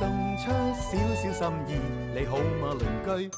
送出少少心意，你好嘛鄰居？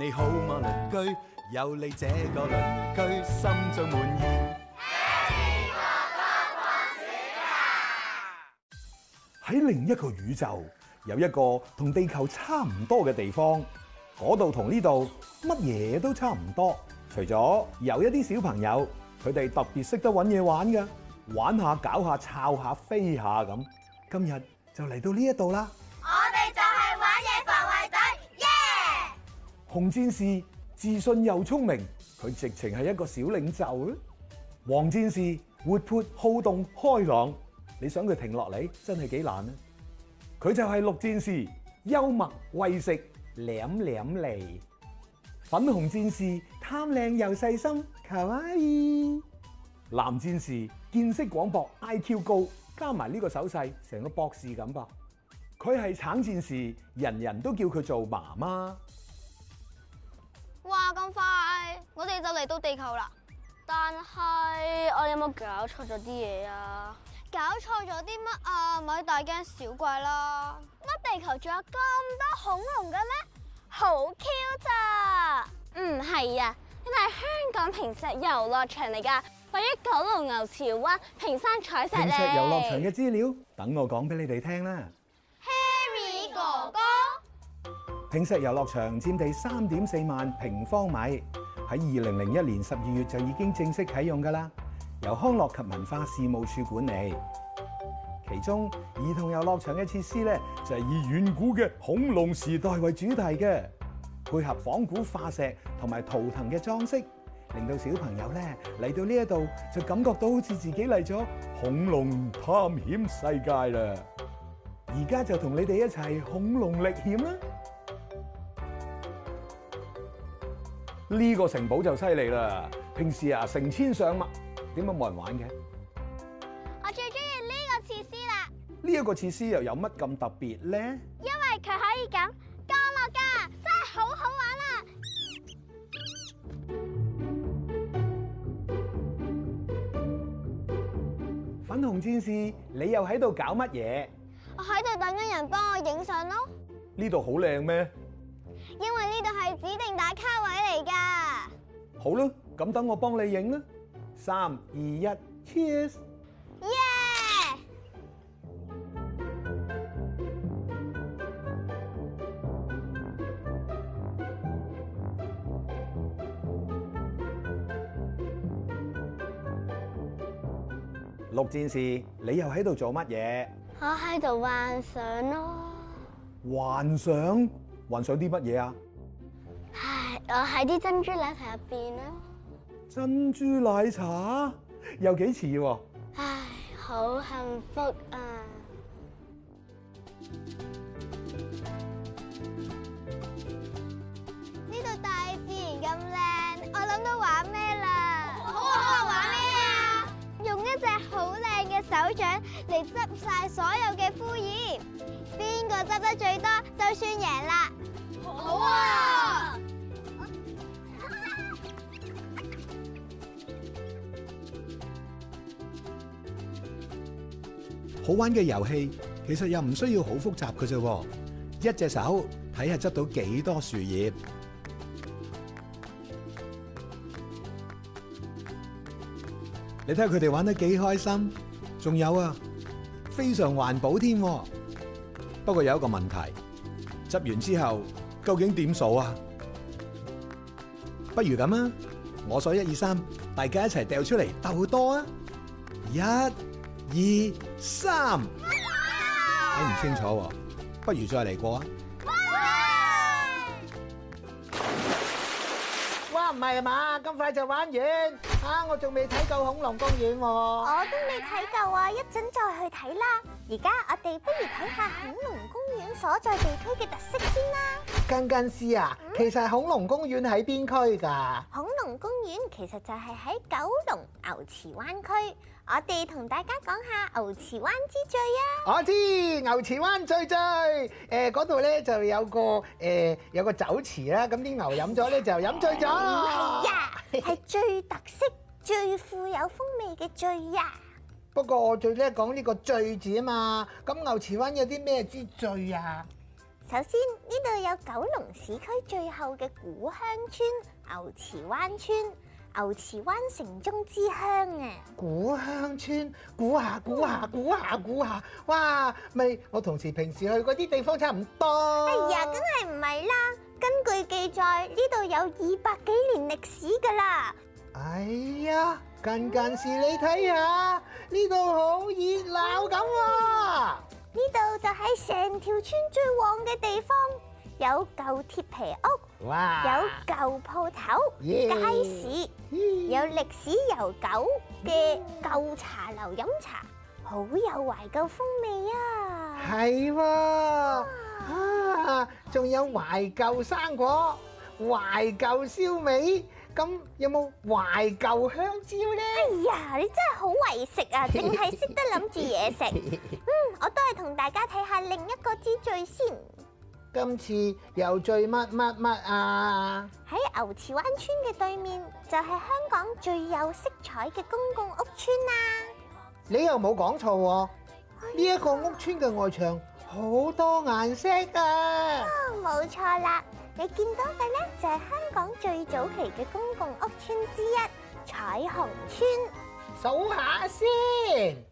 你好嘛鄰居？有你這個鄰居，心中滿意。喺另一個宇宙，有一個同地球差唔多嘅地方，嗰度同呢度乜嘢都差唔多，除咗有一啲小朋友，佢哋特別識得搵嘢玩㗎，玩下搞下，抄下飛下咁。今日就嚟到呢一度啦。紅戰士自信又聰明，佢直情係一個小領袖。黃戰士活潑好動開朗，你想佢停落嚟真係幾難啊！佢就係綠戰士，幽默喂食舐舐脷。粉紅戰士貪靚又細心，卡哇伊。藍戰士見識廣博，I.Q. 高，加埋呢個手勢，成個博士咁噃。佢係橙戰士，人人都叫佢做媽媽。嘩，咁快我哋就嚟到地球啦！但係我哋有冇搞錯咗啲嘢啊？搞錯咗啲乜啊？咪大驚小怪囉！乜地球仲有咁多恐龍嘅咩？好 Q 咋？唔係啊，呢度係香港坪石遊樂場嚟噶，位於九龍牛池灣平山彩石呢。坪石遊樂場嘅資料，等我講俾你哋聽啦。Harry 哥哥。坪石遊樂場佔地三點四萬平方米，喺二零零一年十二月就已經正式啟用噶啦，由康樂及文化事務署管理。其中兒童遊樂場嘅設施咧就係、是、以遠古嘅恐龍時代為主題嘅，配合仿古化石同埋圖騰嘅裝飾，令到小朋友咧嚟到呢一度就感覺到好似自己嚟咗恐龍探險世界啦。而家就同你哋一齊恐龍歷險啦！呢個城堡就犀利啦！平時啊，成千上萬，點解冇人玩嘅？我最中意呢個設施啦！呢一個設施又有乜咁特別咧？因為佢可以咁降落㗎，真係好好玩啦！粉紅戰士，你又喺度搞乜嘢？我喺度等緊人幫我影相咯。呢度好靚咩？因為呢度係指定打。好啦，咁等我幫你影啦，三二一，Cheers！耶！綠戰士，你又喺度做乜嘢？我喺度幻想咯。幻想？幻想啲乜嘢啊？我喺啲珍珠奶茶入邊啦，珍珠奶茶又幾似喎。啊、唉，好幸福啊！呢度大自然咁靚，我諗到玩咩啦！好啊，好玩咩啊？用一隻好靚嘅手掌嚟執晒所有嘅枯葉，邊個執得最多就算贏啦！好啊！好玩嘅遊戲其實又唔需要好複雜嘅啫，一隻手睇下執到幾多樹葉。你睇下佢哋玩得幾開心，仲有啊，非常環保添。不過有一個問題，執完之後究竟點數啊？不如咁啊，我數一二三，大家一齊掉出嚟鬥多啊！一。二三，睇唔清楚，不如再嚟過啊！哇！哇唔係嘛，咁快就玩完啊！我仲未睇夠恐龍公園喎。我都未睇夠啊，一陣再去睇啦。而家我哋不如睇下恐龍公園所在地區嘅特色先啦。根根絲啊，嗯、其實恐龍公園喺邊區㗎？恐龍公園其實就係喺九龍牛池灣區。我哋同大家講下牛池灣之最啊！我知牛池灣最最，誒嗰度咧就有個誒、呃、有個酒池啦。咁啲牛飲咗咧就飲醉酒，係啊、哎，係最特色、 最富有風味嘅醉啊！不過我最叻講呢個醉字啊嘛，咁牛池灣有啲咩之最啊？首先呢度有九龍市區最後嘅古鄉村牛池灣村，牛池灣城中之鄉啊！古鄉村，估下估下估下估下，哇咪我同時平時去嗰啲地方差唔多。哎呀，梗係唔係啦！根據記載，呢度有二百幾年歷史㗎喇。哎呀，近近時你睇下，呢度好熱鬧咁喎。呢度就係成條村最旺嘅地方，有舊鐵皮屋，有舊鋪頭街市，有歷史悠久嘅舊茶樓飲茶，好有懷舊風味啊！係喎，啊，仲有懷舊生果、懷舊燒味，咁有冇懷舊香蕉咧？哎呀，你真係好為食啊，淨係識得諗住嘢食。嗯，我。同大家睇下另一個之最先，今次又最乜乜乜啊？喺牛池灣村嘅對面就係香港最有色彩嘅公共屋村啦。你又冇講錯喎，呢一個屋村嘅外牆好多顏色噶。冇錯啦，你見到嘅呢就係香港最早期嘅公共屋村之一彩虹村。數下先。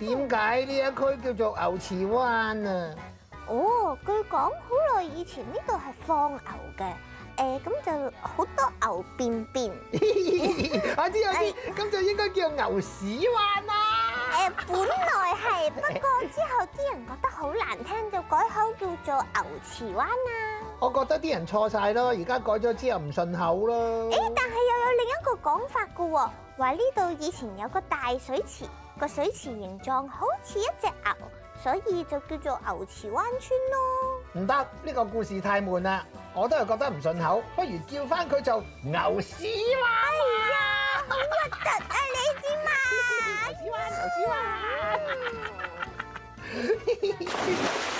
點解呢一區叫做牛池灣啊？哦，據講好耐以前呢度係放牛嘅。誒、呃，咁就好多牛便便。 我知我知，咁唉就應該叫牛屎灣啊。誒、 呃，本來係，不過之後啲人覺得好難聽，就改口叫做牛池灣啊。我覺得啲人錯晒咯，而家改咗之後唔順口咯。誒、欸，但係又有另一個講法㗎，話呢度以前有個大水池。個水池形狀好似一隻牛，所以就叫做牛池灣村咯。唔得，呢個故事太悶啦，我都係覺得唔順口，不如叫翻佢做牛屎灣啊。哎呀，好核突啊！你知嘛？牛屎灣，牛屎灣。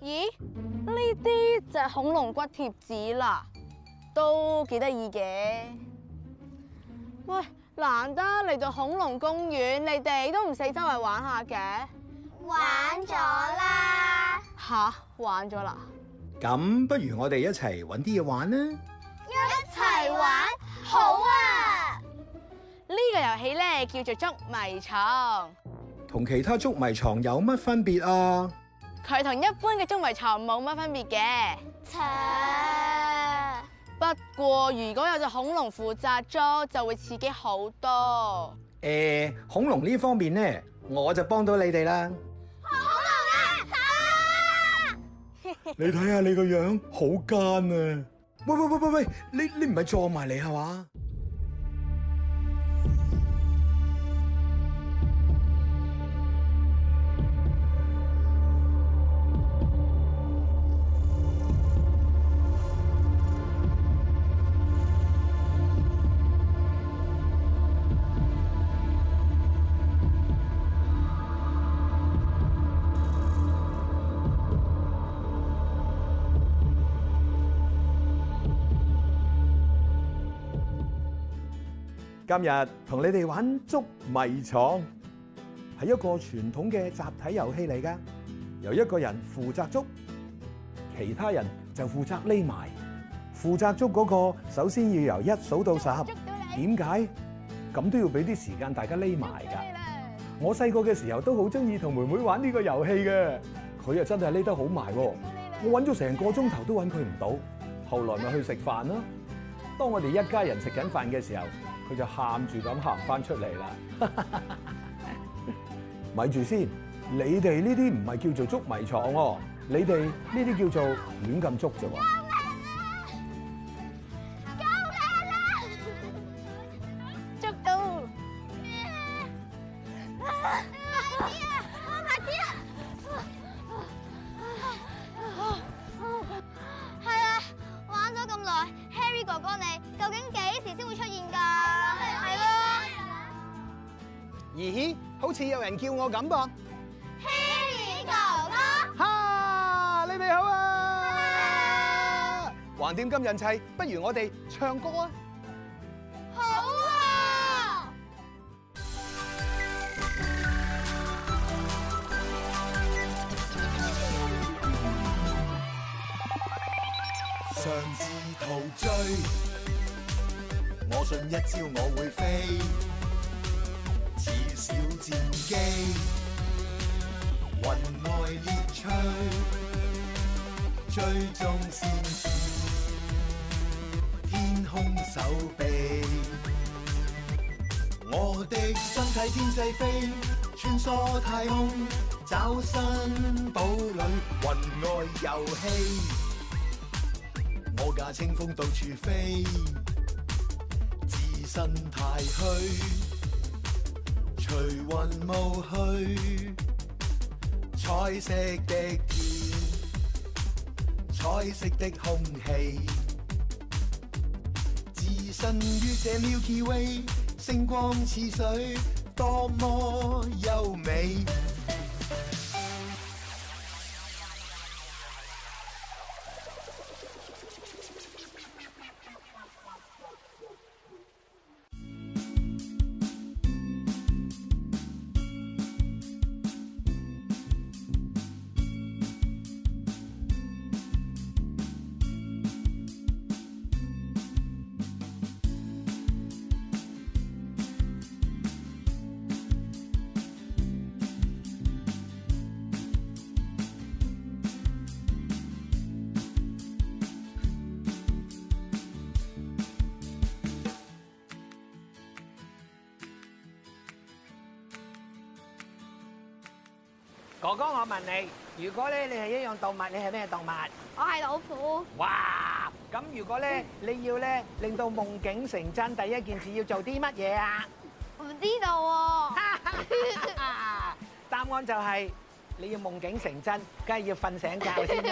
咦？呢啲就係恐龍骨貼紙啦，都幾得意嘅。喂，難得嚟到恐龍公園，你哋都唔四周圍玩下嘅？玩咗啦。嚇，玩咗啦？咁不如我哋一齊揾啲嘢玩啦。呢個遊戲咧，叫做捉迷藏。同其他捉迷藏有乜分別啊？佢同一般嘅捉迷藏冇乜分別嘅，切、呃，不過如果有隻恐龍負責捉，就會刺激好多。誒、呃，恐龍呢方面咧，我就幫到你哋啦。恐龍啦、啊！啊、你睇下你個樣好奸啊！喂喂喂喂喂，你你唔係撞埋嚟係嘛？是吧今日同你哋玩捉迷藏，係一個傳統嘅集體遊戲嚟噶。由一個人負責捉，其他人就負責匿埋。負責捉嗰個，首先要由一數到十。點解？咁都要俾啲時間大家匿埋噶。我細個嘅時候都好中意同妹妹玩呢個遊戲嘅。佢啊真係匿得好埋，我搵咗成個鐘頭都搵佢唔到。後來咪去食飯啦。當我哋一家人食緊飯嘅時候。佢就喊住咁行翻出嚟啦，咪住先，你哋呢啲唔係叫做捉迷藏喎，你哋呢啲叫做亂咁捉啫喎。似有人叫我咁噃，Harry 哥哥，哈，你哋好啊！橫掂 Hello. 今日齊，不如我哋唱歌啊！好啊！嘗試陶醉，我信一朝我會飛。小戰機，雲外獵取，追蹤線，天空手臂，我的身體天際飛，穿梭太空找尋堡壘，雲外遊戲，我駕清風到處飛，自信太虛。隨雲霧去，彩色的天，彩色的空氣，置身於這 Milky Way，星光似水，多麼優美。哥哥，我問你，如果咧你係一樣動物，你係咩動物？我係老虎。哇！咁如果咧你要咧令到夢境成真，第一件事要做啲乜嘢啊？唔知道喎、啊。答案就係、是、你要夢境成真，梗係要瞓醒覺先得。